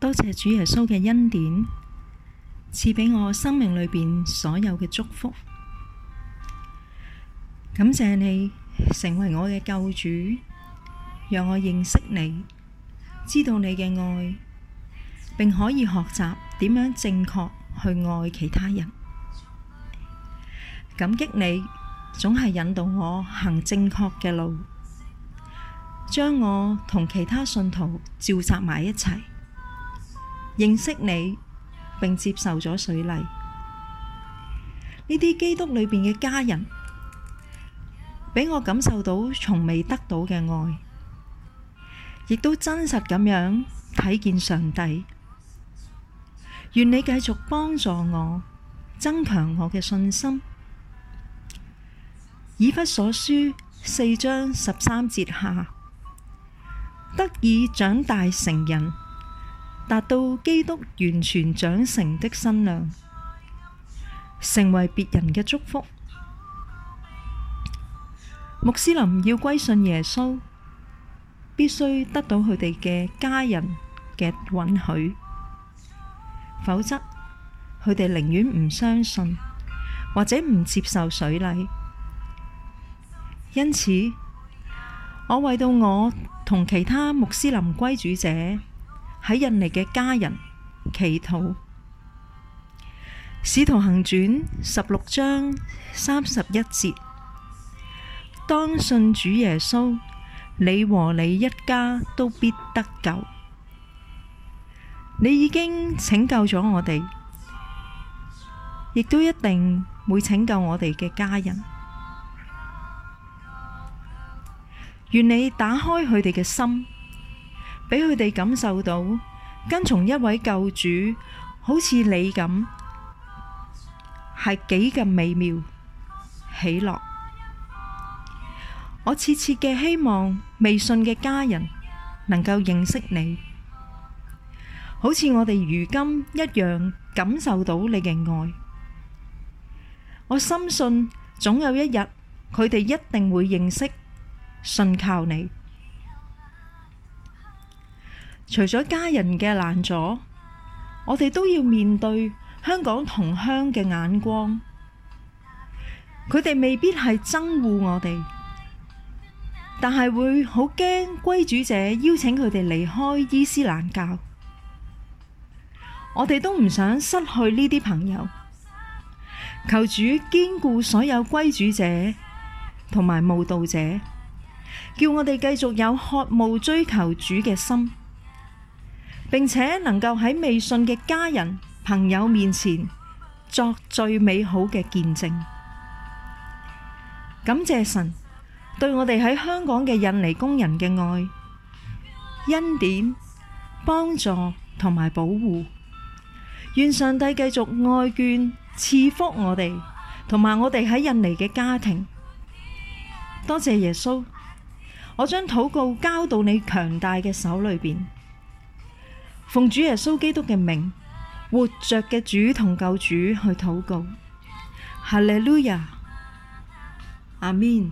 多謝主耶穌嘅恩典，賜畀我生命裏邊所有嘅祝福。感謝你成為我嘅救主，讓我認識你，知道你嘅愛，並可以學習點樣正確去愛其他人。感激你，總係引導我行正確嘅路，將我同其他信徒召集埋一齊。認識你，並接受咗水禮，呢啲基督裏面嘅家人，俾我感受到從未得到嘅愛，亦都真實咁樣睇見上帝。願你繼續幫助我，增強我嘅信心。以弗所書四章十三節下，得以長大成人。達到基督完全長成的身量，成為別人嘅祝福。穆斯林要歸信耶穌，必須得到佢哋嘅家人嘅允許，否則佢哋寧願唔相信或者唔接受水禮。因此，我為到我同其他穆斯林歸主者。喺印尼嘅家人祈禱，《使徒行傳》十六章三十一節：當信主耶穌，你和你一家都必得救。你已經拯救咗我哋，亦都一定會拯救我哋嘅家人。願你打開佢哋嘅心。俾佢哋感受到跟從一位救主，好似你咁，係幾咁美妙喜樂。我切切嘅希望，未信嘅家人能夠認識你，好似我哋如今一樣感受到你嘅愛。我深信，總有一日，佢哋一定會認識、信靠你。除咗家人嘅難阻，我哋都要面對香港同鄉嘅眼光，佢哋未必係憎惡我哋，但係會好驚歸主者邀請佢哋離開伊斯蘭教。我哋都唔想失去呢啲朋友，求主堅固所有歸主者同埋慕道者，叫我哋繼續有渴慕追求主嘅心。並且能夠喺未信嘅家人朋友面前作最美好嘅見證，感謝神對我哋喺香港嘅印尼工人嘅愛、恩典、幫助同埋保護。願上帝繼續愛眷賜福我哋，同埋我哋喺印尼嘅家庭。多謝耶穌，我將禱告交到你強大嘅手裏邊。奉主耶穌基督嘅名，活着嘅主同救主去禱告，哈利路亞，阿門。